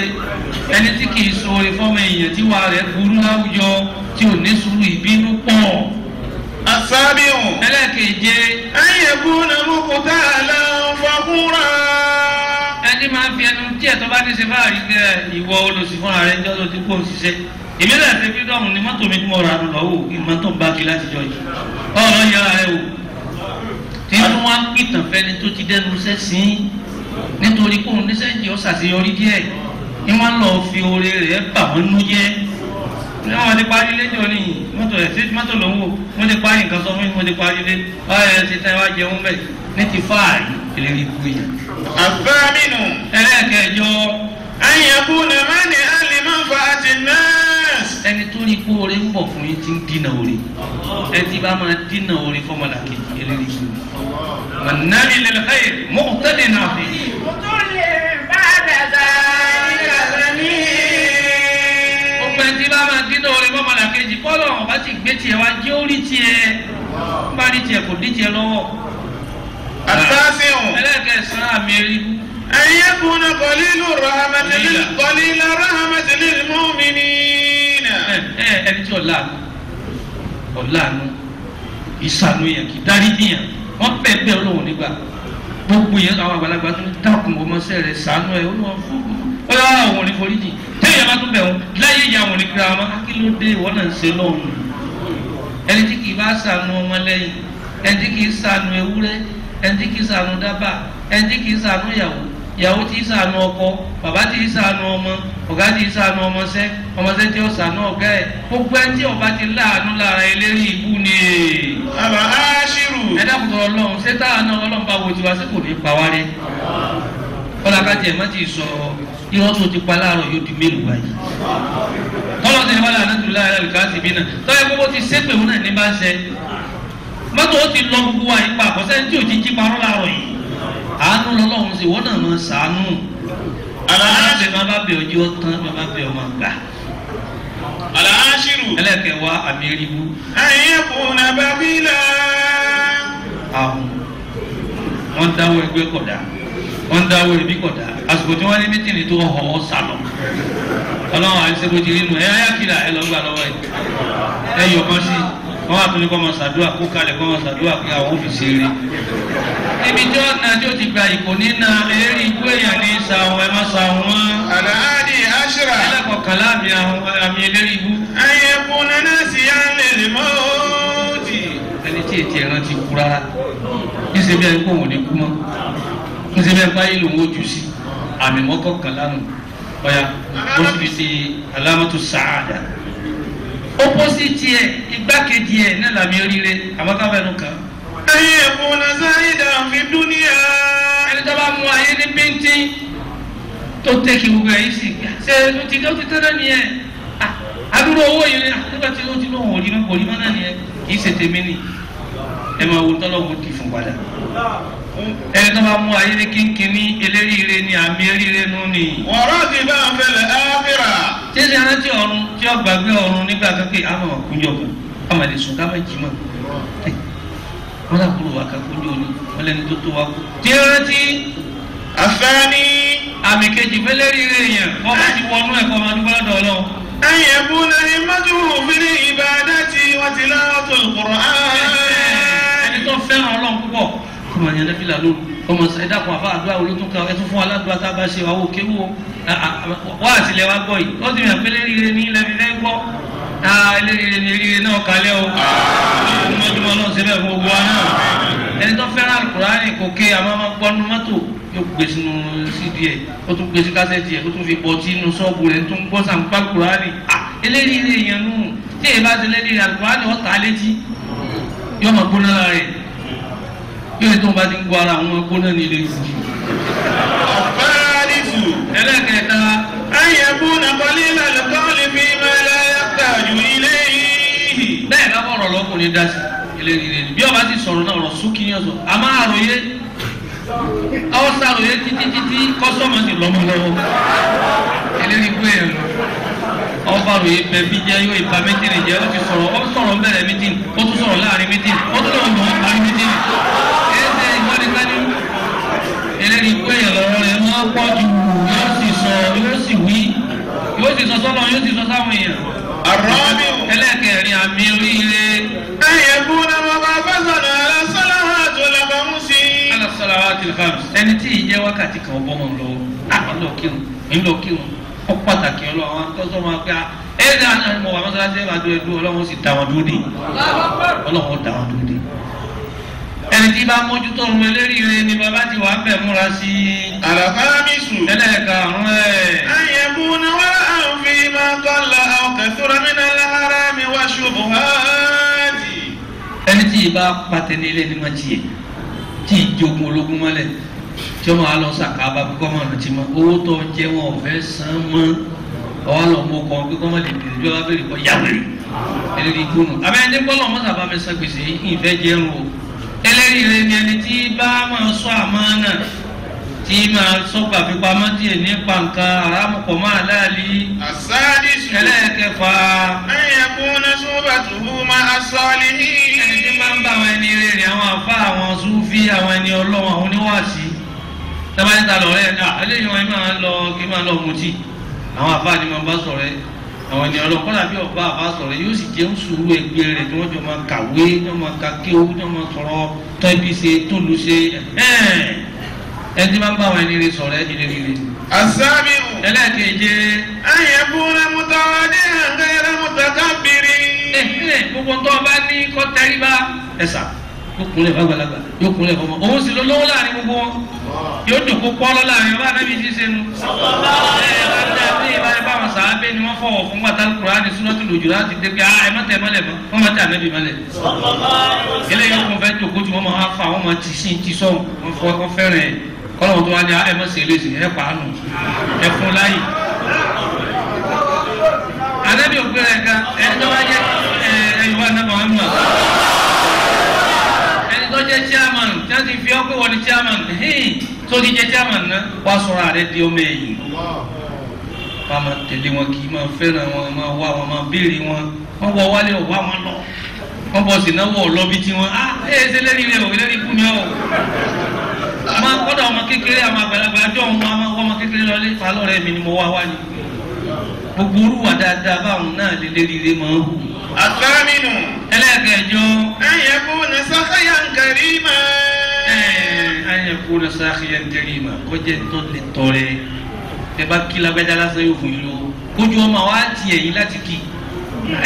ẹni tí kì í ṣoore fọ́mọ èèyàn tí wàá rẹ̀ burú láwùjọ tí ò ní sùúrù ìbínú pọ̀. asábíhùn. ẹlẹ́kẹ̀jẹ. ẹ̀yẹ̀kú na mú kúta àlọ́ fọkúnra máa ń fi ẹnu tí ẹ̀tọ́ bá ní ṣe fáàrí pé ìwọ olùsí fúnra rẹ jọ́ ló ti kó òṣìṣẹ́ èmi náà ṣe freedom ni mọ́tò mi tí mo ra lọ́wọ́ ìmọ̀ tó ń bá kí láti jọ yìí ọ̀rọ̀ yàrá rẹ wò tí wọ́n wá ń pìtàn fẹ́ni tó ti dẹnu iṣẹ́ sí i nítorí kóun níṣẹ́ jẹ́ ọ̀ṣàṣeyọrí díẹ̀ ni wọ́n lọ́ọ́ fi oore rẹ̀ bà wọ́n nú jẹ́ náà wọ́n ti parí ilé jọ ní mọ́tò ẹ̀ sí mọ́tò ló ń wò wọ́n ti parí nǹkan sọ fún mi wọ́n ti parí ilé ọ̀rẹ́ ti tẹ́ wá jẹun bẹ́ẹ̀ ní ti fáàrí ìlérí ikú yẹn. àbámínú. ẹlẹ́ẹ̀kẹjọ. ayẹ̀kú ni wọ́n ní alimọ́fà àti nọ́ọ̀sì. ẹni tó ní ikú oore ń bọ̀ fún yín ti ń dínà oore ẹ ti bá máa dínà oore fọmọlàkè ìlérí ikú. mọ̀nàmí lẹ́lẹ́ káyè mọ́kútẹ́lẹ̀ náà fi. ìkútó lè bá dàda ti bá máa dín náà rẹ mọ́mọ́lá kejì bọ́lá ọba ti gbé tiẹ̀ wá jẹ́ orí tiẹ̀ ń bá rí tiẹ̀ kò dín tiẹ̀ lọ́wọ́. àtàfihàn. ẹlẹ́kẹ̀sán àmì eribu. ẹ̀yẹ kùnà kọ́lílù rahamatili kọ́lílà rahamatili mọ́mìnínà. ẹ ẹni tí ọ̀la ọ̀laàánú ìsànú yẹn kì í dárí dìyàn wọ́n bẹ̀ bẹ́ẹ̀ lóhùn nígbà gbogbo yẹn àwọn àgbàlagbà tó dákun ọmọ ó yọ àwọn òní foríjì tẹ́lẹ̀ bá tún bẹ̀ wọ́n láyé ìyá àwọn òní kíra ọmọ ah, kí ló dé ìwọ náà ń ṣe lọ́hùn ẹni tí kì í bá sànù ọmọ lẹ́yìn ẹni tí kì í sànù ewúrẹ́ ẹni tí kì í sànù dábà ẹni tí kì í sànù ìyàwó ìyàwó tí sànù ọkọ bàbá tí sànù ọmọ ọ̀gá tí sànù ọmọṣẹ́ ọmọṣẹ́ tí ó sànù ọ̀gá ẹ̀ gbogbo ẹni tí ọba ti láàánú lára eléré ìbú ni. bàbá aṣírù. ẹ dákun tọrọ Ọlọ́run ṣé táwọn Ọlọ́run bá wo tiwa sí kò ní pa wá rẹ kọ́lá ká tiẹ̀ má ti sọ irọ́ tó ti pa láàárọ̀ yóò di mélòó báyìí. tọ́lá ti wá lànà tùlá ẹ̀rọ ìka sì bí náà tọ́lá gbogbo ti sépè òun náà ní bá ń sẹ́. mọ́tò ó ti lọ gbogbo wa yìí pa àkọsẹ́ tí ò ti jí parọ́ láàárọ̀ yìí. àánú lọ́lọ́run sì wọ́n náà máa sàánú. aláṣẹ máa bá bẹ ọjọ́ tán máa bá bẹ ọmọ gbà. aláṣírù. ẹlẹ́kẹ̀wá àmì eriwu. àyẹ̀kùn àbábílà. àwọn wọn wọ́n dáwọ́ ibi kọ̀dá àsìkò tí wọ́n ní mítìnì tó hàn wọ́n sà lọ. ọlọ́run àìsèkòjì nínú ẹ̀ ayákìlá ẹ lọ gbà lọ́wọ́ yìí ẹ yọ̀ kan sí wọ́n wà tún ní kọ́ máa ṣàdúrà kó kalẹ̀ kọ́ máa ṣàdúrà pé àwọn òfìsì rí. ibi tí wọ́n na tí ó ti gba ìkò nínà eré ikú èèyàn ní sa wọn ẹ má sa wọn. àdáhàdì aṣra. ẹlẹ́kọ̀ọ́ kàlá mi àwọn àmì eléré ibú. ayé fún nana sí á lè lè mọ́ òòtì. ẹni tí ètí ẹran ti kú rárá. ní sẹ́mi ẹ̀ ń kó òun ní kú mọ́ níṣẹ́ bẹ́ẹ̀ báyìí lòun ó jù sí àmì mọ́kànlá nù ọ̀yà ó sì fi ṣe alámọ́tò sàádà opposite yẹ igbákejì yẹ ní làmì oríire àwọn tó fẹnu kàn. ayé ìfúnná sáyidà fi dúníyà. ẹni tó bá mú ayé ní pínpín tó tẹ̀kì gbogbo ẹ̀yìn sì gbà ṣe ló ti tó ti tẹ́lẹ̀ nìyẹn àdúró owó yìí ni àtúntò tí ó ti lọ wọ̀ rí mọ́ kò rí mọ́ náà nìyẹn kì í ṣe tèmi ni ẹ máa wo tọ́lọ́wọ́ ti fún padà ẹni tó bá mú ayé ní eléríire ni àmì eríire nù ni. wọ́rọ́ ti bá ń fẹlẹ̀ áfíra. tíṣe arántí ọ̀run tí ó gbàgbé ọ̀run nígbà kan pé àwọn àkúnjọ kan àwọn àlè sùn ká má jí mọ́. wọ́n làkúrò wá kakúnjọ ni wọ́n lẹ́ni tó tó wá kú. tí ó rántí. àfẹ́ni. àmì kejì fẹ́lẹ́ ríire yẹn kọ́ bá ti wọnú ẹ̀kọ́ ọmọ dúpẹ́ lọ́dọ̀ ọlọ́run. ẹ̀yẹ̀ bú lẹ́ni mọ́tò òfin kọ́ máa yan lẹ́fìlà ló kọ́ máa ẹ dákun àfa àdúrà olótún kan ẹ tún fún aládùúgbò tá a bá ṣe àwọn òkè wo wá àtìlẹ̀ wa gbọ́ yìí ó ti yàn pé léríire ní ilẹ̀ fífẹ́ gbọ́ léríire ní léríire náà kalẹ́ o mọ́júmọ́ náà síbẹ̀ fún gbogbo wa náà ẹni tó fẹ́ràn alukurani kò ké àmọ́ máa gbọ́ nu mọ́tò yóò gbé sínú sídìí ẹ̀ ó tún gbé sí kásẹ̀tì ẹ̀ ó tún fi bọ́ tí inú sọ́ọ̀bù rẹ̀ tó ń gbọ́ sàǹpá alukurani eléríire èèyàn nù tí èèyàn bá ti léríire alukurani ọ̀tá létí yóò máa gbóná lára rẹ̀ yóò tó bá ti ń gbọ́ ara wọn kó náà nílé jù. ọ̀pẹ́rẹ́ ní jù. ẹlẹ́kẹ̀ẹ́ta. ayé fún nàkọ́lé lálùkọ́lé fi máa láyàtà jù ilé yìí. bẹ́ẹ̀ bá bọ̀rọ̀ lọ́kùnrin dá sí ilé rere bí ọba ti sọ̀rọ̀ náà ọ̀rọ̀ súnkì yẹn sọ àmọ́ àròyé àwọn sàròyé títí títí kọ́sọ́mù ti lọ́mọ lọ́wọ́ eléyìí gbé yẹn lọ ọba ròyé bẹ́ẹ̀ bí jẹ́ yóò ìpa méjìlél ó ti sọ̀rọ̀ ó sọ̀rọ̀ bẹ̀rẹ̀ mítìn ó tún sọ̀rọ̀ láàrin mítìn ó tún lọ́wọ́ lọ́wọ́ máa ń pọ̀ jù yóò sì sọ yóò sì wí yóò sì sọ sọ́nà yóò sì sọ sáwọn èèyàn. àrọ́mí o. ẹlẹ́kẹ̀rin àmì oríire. ẹ̀yẹ̀ fún ọmọ bá fẹ́sọ̀nà alásọ́lá àti olàbàmú sí. alásọ́lá àti olàbàmú sí. ẹni tí ì jẹ́ wákàtí kan ọgbọ́n lọ ńlọkírun ńlọkírun ó pàtàkì ọlọ́run tọ́sọ́ máa pẹ́ ẹ ẹ mọ̀ wà mọ́sálásí ẹ̀ máa dúró ẹ dúró sì dá wọn dúró dé ọlọ́run dá wọn dúró dé ẹni tí bá mójútó ohun eléríire ni bàbá ti wà bẹ̀ múra sí i. àlàfà mi sùn. tẹ́lẹ̀ karùn-ún ẹ̀. ayé mú ni wọ́n á fi máa kọ́ la ọkẹ́ tóra mi náà lára mi wá ṣubú háàdì. ẹni tí ìbá pàtẹ́lẹ̀ ilé ni wọ́n ti yẹ tí ìjogun ológun mọ́lẹ̀ tí wọ́n máa lọ sàkábà kí wọ́n máa rántí mọ́ owó tó jẹ́ wọn ò fẹ́ san mọ́ ọwọ́ lọ mọ kàn kí wọ́n lè bèrè ìjọba bèrè kọ́ yàwé ẹni rí kúnnù. abẹ́rẹ́ ní bọ́lá ọmọ ìfẹ́ jẹun o re ni ẹni tí bá máa sọ àmánà tí máa sọ gbàgbépamọ́ díẹ̀ nípa nǹkan arámọ̀pọ̀ máa láàlí. àsáàdì sùn. ẹlẹ́ẹ̀kẹfà. ẹ̀yìn ẹ̀kún ní sọ́ọ̀bà tó hú máa aṣọ́ọ́lì ní. ẹni tí máa ń bá àwọn ẹni rere ni àwọn àfa àwọn súfí àwọn ẹni ọlọ́wọ́n àwọn oníwàásí. tábàyẹ́ta lọ́rẹ́ ẹ̀ eléyìí wọn máa lọ kí máa lọ mutí àwọn àfa ni máa bá sọ̀rọ̀ ẹ̀ àwọn ènìyàn ọlọ́kọ́lá bí ọba àbá sọ̀rọ̀ yóò sì jẹ́ sùúrù ẹgbẹ́ rẹ̀ tí wọ́n jọ máa kàwé tí wọ́n máa ka kéwú tí wọ́n máa sọ̀rọ̀ tẹ́bí ṣe tólu ṣe ẹni máa ń bá àwọn ẹni rẹ sọ̀rọ̀ ẹni rẹ rẹ. àsámi o. ẹlẹ́ẹ̀keje. àyẹ̀bù rẹ̀ mutawadi àgbẹ̀rẹ̀ mutakabiri. gbogbo tó o bá ní kọ́ tẹ́rí bá. ẹ sà yóò kúnlẹ̀ fàgbàlagbà yóò kúnlẹ̀ fọmọ òun sì ló lówó láàrin gbogbo wọn yóò dùn kó pọ́lọ́ láàrin ọba anábì ti ṣe nu. báwọn sàábé ni wọ́n fọwọ́ fún wa tálùkù rà ní súnátù lòjù láti dé pé ah, ẹ má tẹ mọ́lẹ̀ mọ́ wọ́n má tẹ anábì mọ́lẹ̀. eléyìí wọn fẹ́ jòkó tí wọ́n máa fa wọn máa ti sí ti sọ́ọ̀ wọn fẹ́ràn ẹ̀ kọ́lọ́wọ́n tó wá ní ah, ẹ má ṣe eré sí ẹ pàánù ẹ fún láyè. anábì òkú rẹ̀ kan ẹ tó jẹ́ chairman tí wọ́n ti fi ọ́ pé wọ́n ni chairman tó ti jẹ́ chairman náà wá sọ̀rọ̀ rẹ̀ di ọmọ ẹ̀yìn wọ́n á máa tẹ̀lé wọn kì í máa fẹ́ràn wọn máa wá wọn máa béèrè wọn wọ́n wọ wálé ọ̀wá wọn lọ wọ́n bọ̀ sí náwó ọ̀lọ́bí tí wọ́n á ah, ẹ̀ ṣe lẹ́rìí rẹ̀ òwe lẹ́rìí kú ni ọ́ máa kọ́dọ̀ ọmọ kékeré àwọn àgbàlagbà àjọ òun wọn ọmọ kékeré lọlé gbogbo orúwà dáadáa báwọn náà dédé rire máa hù. àtàmínú. ẹlẹ́gẹ̀ẹ́jọ. ẹ̀yẹ kó na sákàyà ń kàrí mà. ẹ̀yẹ kó na sákàyà ń kàrí mà kọjá tó lè tọrẹ ẹ bá kí labẹ́dá lásán yóò fún yín lówó kójú ọmọ wa tiẹ̀ yín láti kí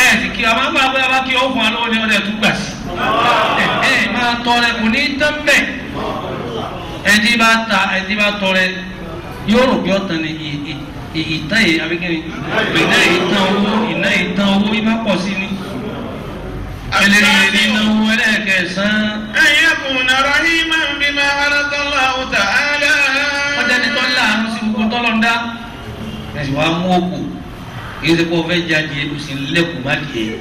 ẹ ti kí ọmọ àgbà bóyá bá kí ọ̀fun alówó ni ọ̀dẹ̀ tún gbà sí. ẹ ẹ máa tọrẹ kò ní tán bẹ́ẹ̀ ẹ̀dí bá ta ẹ̀dí bá tọrẹ yóò rò pé ọ̀tàn ni ìtàn yìí abikini iná ìtàn owó iná ìtàn owó yìí má pọ̀ sí ni. ẹlẹ́yìn iná owó ẹlẹ́kẹ̀sán. ẹ̀yẹ́ kùnà rahima bí ma alákọ̀ọ́lá ọ̀tá àlá. wọ́n jẹ́ nítorí láàánú sí gbogbo tọ́lọ̀ ń dá. ẹ̀sìn wa mú òkú kí ẹ ti kọ́ fẹ́ jáde ẹ̀sìn lẹ́kùn má dìé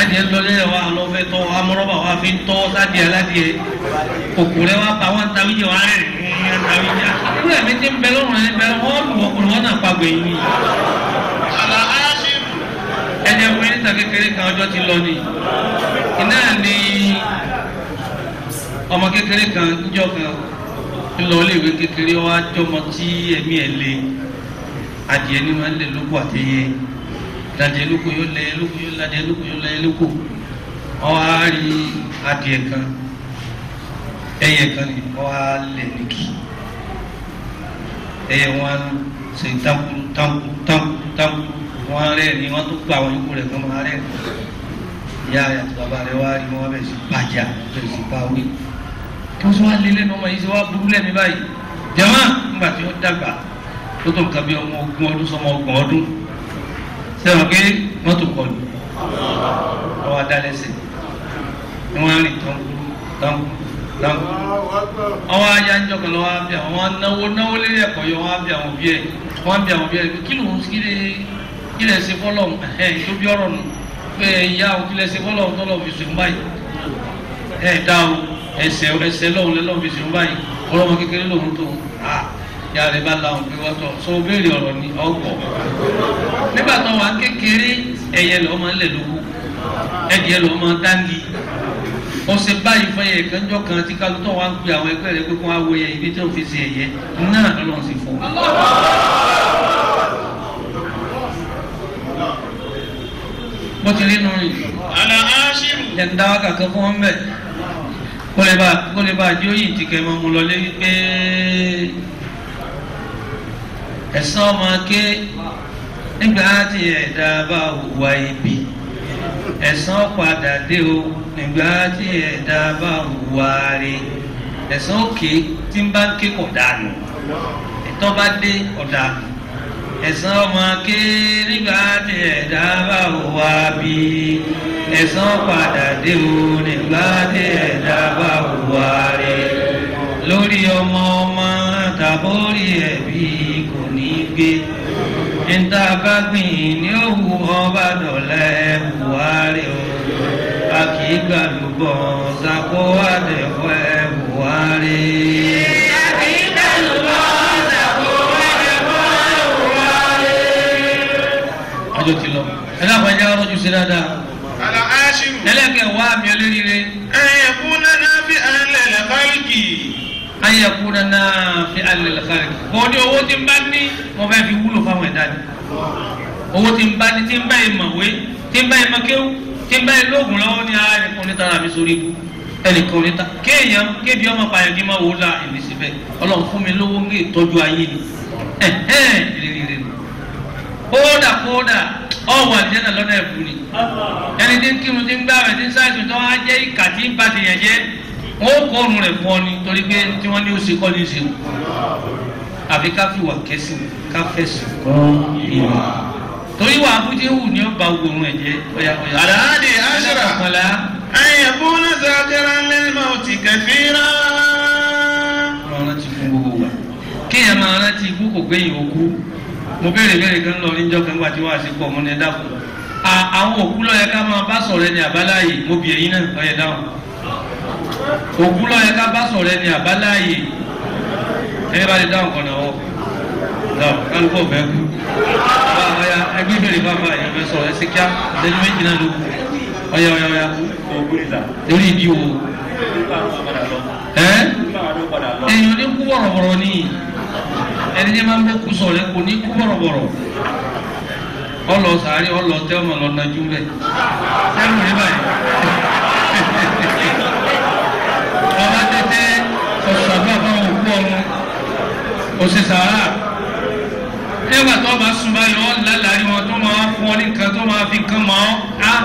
adìẹ lọlẹ wa lọ fẹ tọ amọrọba wa fi tọ sadìẹ ladìẹ kòkòrò wa pa wọn tàbí jẹ wọn ayẹ ẹyẹ tàbí jẹ kúrẹ mi ti ń bẹ lọrùn ẹni bẹ wọn lù ọkùnrin wọn náà pàgbẹ yìí. ẹni ẹkùnrin níta kékeré kan ọjọ́ ti lọ ni iná ni ọmọ kékeré kan níjọ́ kan ńlọ iléèwé kékeré wa jọmọ tí ẹ̀mí ẹ̀ lé adìẹ ni wọn lè lóko àtẹyẹ dàdé lóko yóò lẹ lóko yóò ládé lóko yóò lẹ lóko ọwọ́ á rí adìẹ kan ẹyẹ kan ní ọwọ́ á lẹ̀ nìkì ẹyẹ wọn á ṣe tankuru tankuru tankuru tankuru wọn á rẹ̀ ní wọn tó pa àwọn ikú rẹ̀ kan wọn á rẹ̀ ìyá rẹ̀ àti bàbá rẹ̀ wọ́n á rí wọn bẹ̀ sí bàjá bẹ̀ sí báwí kí wọ́n sọ wá lélẹ̀ ní sọ wá burú lẹ́mi báyìí jẹ́wọ́n nígbà tí ó dàgbà tó tó nǹkan bí ọmọ ogún ọdún sọmọ ọgbọ̀n ọdún sẹ́wọ̀n pé mọ́tò kọlù ọwọ́ adálẹ́sẹ̀ ni wọ́n rìn tán tán tán ọwọ́ ayá ń jọkọ̀ lọ́wọ́ abẹ́ àwọn náwó náwó lé ẹ̀kọ́ yọ wọ́n abẹ́ àwọn òbí ẹ̀ wọ́n abẹ́ àwọn òbí ẹ̀ kí ló ń kílẹ̀ kílẹ̀ ṣe fọ́lọ̀ ẹ̀ tó bí ọ̀rọ̀ nù pé ìyá o kílẹ̀ ṣe fọ́lọ̀ tọ́lọ̀ fi sùn báyìí ẹ̀ dá o ẹsẹ̀ ẹsẹ̀ lọ́hùn lẹ́lọ́ fi sùn báyìí ọlọ́mọ kékeré lòun tó ìyá rẹ̀ bá lahùn pé wọ́tọ̀ sọ béèrè ọ̀rọ̀ ní ọgbọ̀ nígbà tó wà kékeré ẹyẹ lọ́ máa ń lẹ̀ lówó ẹdìẹ lọ́ máa ń dáńgì ọ̀sẹ̀ báyìí fún ẹyẹ kanjọ́ kan tí kálukọ́ wa ń pe àwọn ẹgbẹ́ rẹ̀ pé kó wá wo ẹyẹ ibi tí wọ́n fi ṣe ẹyẹ náà lọ́lọ́ sí fún un. bó ti rí nu rìn jẹ̀ǹdà dáwọ́ kankan fún wọn bẹ̀ kó lè bá ti kẹ́ mọ́ mu lọ lé wípé ẹ̀sán ọmọ ké nígbà tí ẹ̀dá bá wà ibi ẹ̀sán padà dé o nígbà tí ẹ̀dá bá wà rí ẹ̀sán òkè tí ń bá ń ké kò dànù ẹ̀tọ́ bá dé ọ̀dà ẹ̀sán ọmọ ké nígbà tí ẹ̀dá bá wà bí ẹ̀sán padà dé o nígbà tí ẹ̀dá bá wà rí lórí ọmọ ọmọ tàbórí ẹ̀bí gé níta bá gbìn ní òwú ọba dọ̀lẹ́ buhari o a kì í gbàlúbọ̀ sako adẹ̀fọ́ ẹ̀ buhari. ẹ náà fẹ́ jẹ́ ọlọ́jú sí dáadáa. ẹlẹ́kẹ̀ẹ́ wá mi ayé kú nana fi alẹ́ lẹ́kàrẹ́ kò ní owó tí ń bá ní mo fẹ́ fi wúlò fáwọn ẹ̀dá ni owó tí ń bá ní tí ń bá yìí mọ̀wé tí ń bá yìí mọ̀kéwú tí ń bá yìí lóògùn lọ́wọ́ ní ara ẹnìkan níta rà mí sórí ibú ẹnìkan níta kéèyàn kébi ọmọ pààyàn kí máa wò ó la èmi síbẹ̀ ọlọ́run fún mi lówó ń gé ìtọ́jú ayé ni ẹ̀hẹ́n kódà kódà ọ̀wọ̀ àdìjẹ́nà lọ́dọ̀ ẹ̀bù ni ẹni tí ń kírun tí ń gbààwẹ̀ tí ń sáìsùn tó wá jẹ́ ìkà tí ń bá ti yẹn jẹ́ wọ́n kọ́ ọ̀run rẹ̀ fún ọ ni torí pé tí wọ́n ní ó ṣe kọ́ ní ṣe wò àfi ká fi wà kẹ́sì ká fẹ̀sì kọ́ ìwà torí wà ábújẹ́ wù ní ọba ogun ẹ̀jẹ̀ ọ̀yà ọ̀yà. àdáàdì aṣọra ẹyẹ fún ṣàkẹ́rà lẹ́nu ti kẹfìrà. ọ̀rọ̀ rántí fún gbogbo wa kéèyàn máa rántí ikú kò gbẹ̀yìn òkú mo béèrè béèrè kan lọ níjọ́ kan gbà tí wàá ṣe pọ̀ mọ́ ní àwọn òkú ló yẹ ká máa bá sọ̀rọ̀ ẹni àbáláyé mo bì òkú lọ yẹ ká bá sọ̀rọ̀ ẹni bá ti dáhùn kan náà wọ́ dáhùn kálukú ọ̀fẹ́ kú bá a ọ̀ya ẹgbẹ́ ìbéèrè bá bá ẹ̀yìn fẹ́ sọ̀rọ̀ kíá ẹ̀dẹ́nu méjì náà ló kù ọ̀ya ọ̀ya torí wo ní kú ni ẹni máa ń kú ní kú fún ọmọ kò ṣe sàárà ẹgbà tó bá sùn báyìí wọn lálàárí wọn tó máa fún ọ ní nǹkan tó máa fi kán mọ́ á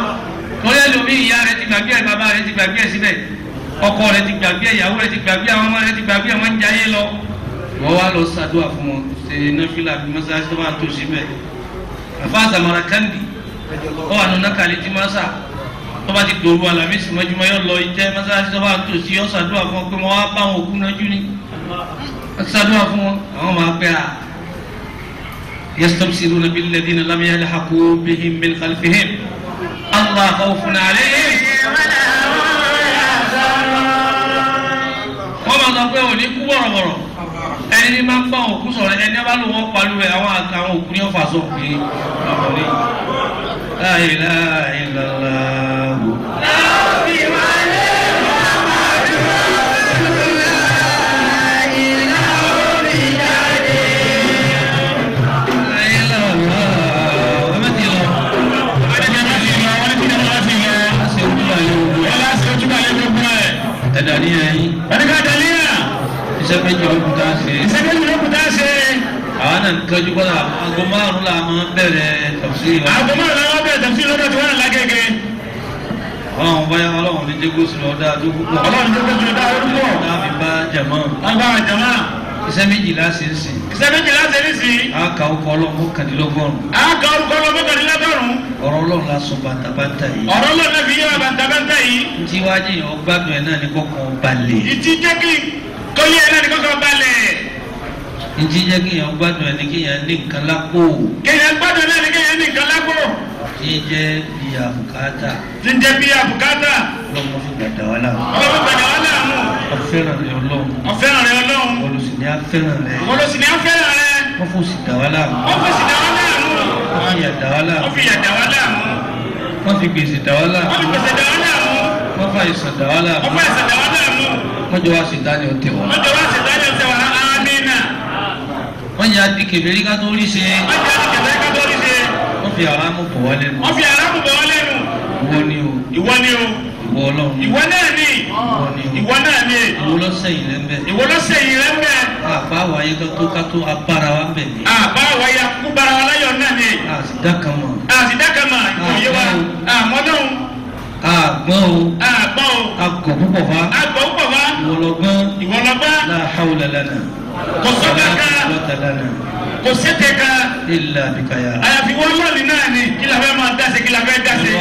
torí ẹlòmí ìyá rẹ ti gbàgbé ẹ bàbá rẹ ti gbàgbé ẹ síbẹ̀ ọkọ rẹ ti gbàgbé ẹ ìyàwó rẹ ti gbàgbé àwọn ọmọ rẹ ti gbàgbé ẹ wọn ń jayé lọ wọ́n wá lọ sàdúrà fún wọn ṣe nọ́fìlà bí mọ́sálásí tó máa tó síbẹ̀ àfa àzàmàrà kandi ó wà nù nákàlí tí máa tó bá ti dòru àlàmísì mọ́júmọ́ yọ lọ ìjẹ́ mọ́sálásí tó máa tó sí ọ́ sàdúrà fún ọ pé wọ́n wá bá òkú náà jú ni ṣàdúrà fún wọn àwọn máa pẹ́ à yastabsiruna billadhina lam yalhaqu bihim min khalfihim allah khawfun alayhim. wọ́n máa sọ pé òní kú bọ̀rọ̀bọ̀rọ̀ ẹni máa ń bá òkú sọ̀rọ̀ ẹni bá lò wọ́n palu ẹ̀ àwọn àkàwọn òkú ní ọ̀fà sọ̀ pé ọ̀rọ̀ rẹ̀ láìláìlọ́lá. iṣẹ́ méjì ló kù tá a ṣe. iṣẹ́ méjì ló kù tá a ṣe. àwa náà ń tọ́jú bọ́lá aago márùn-ún la máa ń bẹ̀rẹ̀ tafsiri. aago márùn-ún la máa ń bẹ̀rẹ̀ tafsiri lọ́dọ̀ tí wọ́n là gẹ́gẹ́. ọlọ́run báyọ̀ ọlọ́run ní jẹ́ gòsùn lọ́dà tó púpọ̀. ọlọ́run jẹ́ gòsùn lọ́dà tó púpọ̀. láàbí bá jàmọ́. láàbí jàmọ́ iṣẹ́ méjìlá ṣe ń sìn. iṣẹ́ méjìlá ṣe ń sìn. a ka orúkọ Ọlọ́run mọ́kàndínlọ́gọ́rùn-ún. a ka orúkọ Ọlọ́run mọ́kàndínlọ́gọ́rùn-ún. ọ̀rọ̀ Ọlọ́run la sọ bàtàbàtà yìí. ọ̀rọ̀ Ọlọ́run la fi yé wa bàtàbàtà yìí. ntí wájú yìí ọgbàgbọ́ yẹn náà ní kọ́kọ́ balẹ̀. ìtì jẹ́ kí torí ẹ náà ni kọ́kọ́ balẹ̀. ìdí jẹ́ kí èèyàn gbádùn ẹni kí èèyàn ní nǹkan lápò. kí èèyàn gbádùn náà ni kí èèyàn ní nǹkan lápò. tí ń jẹ́ bí àbùkátà. tí ń jẹ́ bí àbùkátà. ọlọ́mọ fi gbàdá wa láàmú. ọlọ́mọ gbàdá wa láàmú. ọ̀fẹ́ràn rẹ ọlọ́run. ọ̀fẹ́ràn rẹ ọlọ́run. olùsìn a fẹ́ràn rẹ. a fẹ́ràn rẹ. wọ́n fò sì dá wa láàmú. wọ́n fò sì dá wa láàmú. wọ́n fi yàdá wa láàmú. gbèsè dá wọ́n fi gbèsè dá wọ́n fa ìsàn dá wọ́n fa ìsàn dá mọ́jọ́ wá sí dání ọ̀tẹ̀ wá. mọ́jọ́ wá sí dání ọ̀tẹ̀ wá amínà. wọ́n yà á di kèbèrè ká tó rí ṣe. wọ́n yà á di kèbèrè ká tó rí ṣe. wọ́n fi àrá mú bọ̀ wá lẹ́nu. wọ́n fi àrá mú bọ̀ wá lẹ́nu. ìwọ ni o. ìwọ ni o. ìwọ ọlọ́run. ìwọ náà ni. ìwọ náà ni. ìwọ lọ́sẹ̀yìn rẹ̀ ń bẹ̀. ìwọ lọ́sẹ̀yìn rẹ̀ ń bẹ̀. àbá wáyé ká tó ká tó abára wa ń bẹ̀ ni. àbá wáyé kú bara wa láyọ̀ náà ni. àsìdákàmọ̀. àsìdákàmọ̀ ìkòyè wa àmọ́dọ́hùn. àgbọ̀n o. àgbọ̀n o. àgọ̀ púpọ̀ fa. àgọ̀ ìwọlọgbọn ìwọlọgbọn la hawla lana kò sọ́kà ká kò sẹ́tẹ̀ ká illa bikaya. àyàfi wọ́lọ́ọ̀lì náà ni kí máa dáse kí dáse kí dáse.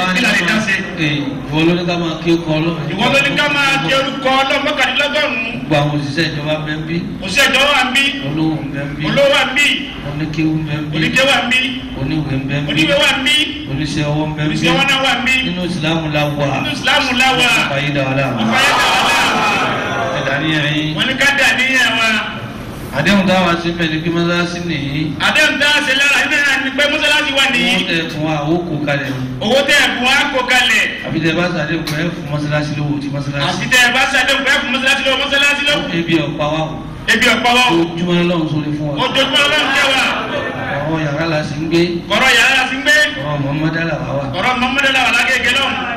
ìwọ ká máa kí orúkọ Ọlọ́run. ìwọ ká máa kí orúkọ Ọlọ́run mọ́kànlélọ́gọ́rùn-ún. gba àwọn òṣìṣẹ́ ìjọba bẹ́ẹ̀ bí. òṣìṣẹ́ ìjọba ń bí. olówó ń bí. olówó ń bí. oníkéwú ń bẹ́ẹ̀ bí. oníkéwú ń bí. oníwè ń bí. oníwè wà ń bí. oníṣẹ́ ọwọ́ ń bí. oníṣẹ́ ọwọ́ náà wà ń bí. nínú ìsìlámù la wà. nínú ìsìlámù la wà. àfàyè dàwálà. àfàyè dàwálà ẹ̀dàníyàn yín. wọ́n ní ká dàníyàn wa. àdéhùn táwa sí bẹ́ẹ̀ ni pé mọ́sálásí nìyí. àdéhùn táwa sí lára ibẹ̀ náà ni pé mọ́sálásí wà nìyí. owó tẹ̀ fún wa owó kó kalẹ̀. owó tẹ̀ fún wa kó kalẹ̀. àbí tẹ̀ bá sàdéhùn pé fún mọ́sálásí lówó ti mọ́sálásí. àbí tẹ̀ bá sàdéhùn pé fún mọ́sálásí lówó mọ́sálásí lówó. ebi ọ̀pá wa o ebi ọ̀pá wa. ojúmọ́ lọ́run sórí fún wa. ojúmọ́ lọ́run jẹ́ wa. ọ̀rọ̀ yàrá la sì ń gbé. ọ̀rọ̀ yàrá la sì ń gbé. ọ̀rọ̀ mọ̀mọ́dá la wà wa. ọ̀rọ̀ mọ̀mọ́dá la wà lágẹ̀gẹ̀ lọ́run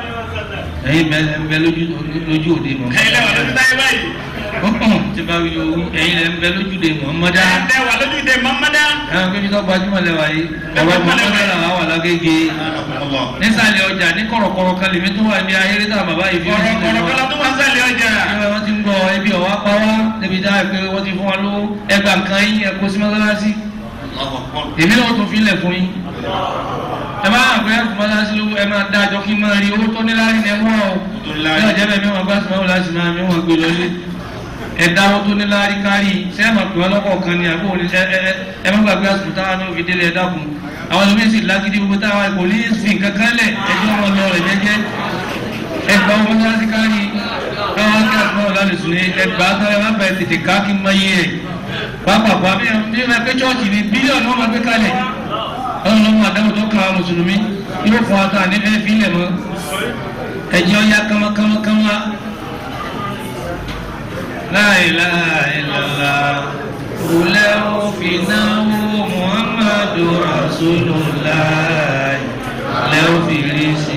ẹ̀yin bẹ lójú òde mọ. ẹ̀yin lẹwà lójú táyé báyìí. ọkàn tí bá wí owó ẹ̀yin lẹ ń bẹ lójú òde mọmọdá. lẹwà lójú òde mọmọdá. ẹ̀wọ̀n kí ni tó gbajúmọ̀ lẹwà yìí. ọ̀wọ́ mọmọdá làwọn wà lágége. nísàlẹ̀ ọjà ní kọ̀rọ̀kọ̀rọ̀ kan lèmi tó wà ní ayéré tá bàbá yìí fi. kọ̀rọ̀kọ̀rọ̀ kan tó wà sàlẹ̀ ọjà. ẹgbẹ́ wọn ti ń gbọ́ ẹbí ọ̀wá pa wá èmi náà tún filẹ̀ fún yín ẹ máa àgbẹ̀ ẹ̀kúnmọ́ láti lówó ẹ máa dájọ́ kí n máa rí owó tó ní láàrin ẹ wọ́n o ní ọ̀jẹ́ bẹ́ẹ̀ mẹ́wàá gbá sùnmọ́ láti máa mẹ́wàá gbé lọlé ẹ dáwọ́ tó ní láàrin kárí ṣé ẹ máa pè wọ́n lọ́kọ̀ kan ni àbí òní ẹ má gbàgbé àsùn táwọn náà fi délé ẹ dákun àwọn ẹlòmíì sì lágídí gbogbo táwọn ẹ̀kọ́ ní sìn kankan lẹ̀ ẹjọ́ wọn lọ rẹ̀ jẹ́jẹ́ ẹ pápákọ̀ àbí ẹgbẹ́ pé chọ́ọ̀chì ni bílíọ̀nù wọn máa gbé kalẹ̀ ọ̀hún lọ́mọ àdáwọ̀ tó ka mùsùlùmí yóò fọ ata nífẹ̀ẹ́ fílẹ̀ mọ́ ẹ̀jẹ̀ ọ̀ya kánmọ́kánmọ́kánmọ́ láìláìlọ́lá òlẹ́ òfìnáwó muhammadu rasulullah lẹ́ọ̀fìrí sí.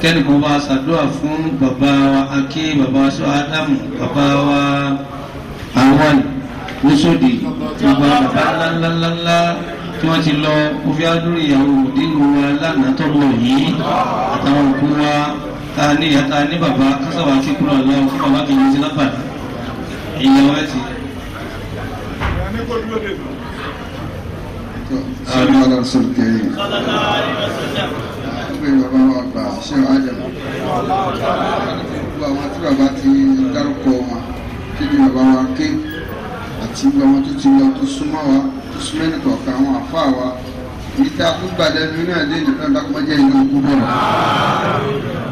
kẹ́ni kan bá ṣàdúrà fún bàbá wa akí bàbá wa sọ ádámù bàbá wa àwọn wosòdì gbogbo bàbá ńláńláńlá tí wọ́n ti lọ ó fi ádùrú ìyàwó òdìgbò wa lánàá tọ́lọ̀ yìí àtàwọn òkú wa ta ní ìyá ta ní bàbá kásáwá kí kúrò lọ fún bàbá kejì sí lápàdé ìyàwó ẹ̀ ti. Sallallahu alaihi wasallam pé bàbá wa gbà ṣe àjẹmọ gbogbo àwọn tí bàbá ti dárúkọ wọn kí ni bàbá wa ké àti gbogbo àwọn tó ti lọ tó súnmọ́ wa tó súnmọ́ ẹnì kọ̀ọ̀kan àwọn àfa wa èyí tá a kú gbàdẹ ní náà lé ìdílé náà dákúmọ́ jẹ́ ìlú ogun bẹ́ẹ̀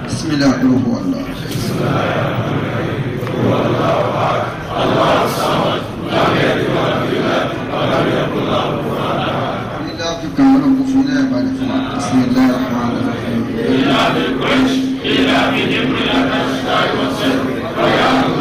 bisimilá lóhu ọ̀la. Ilé Áfíríkà wọn lọ kó fún ní ẹ̀bàdàn fún wa. Bisimilá. и надо кончить, и надо не принято, что его цель,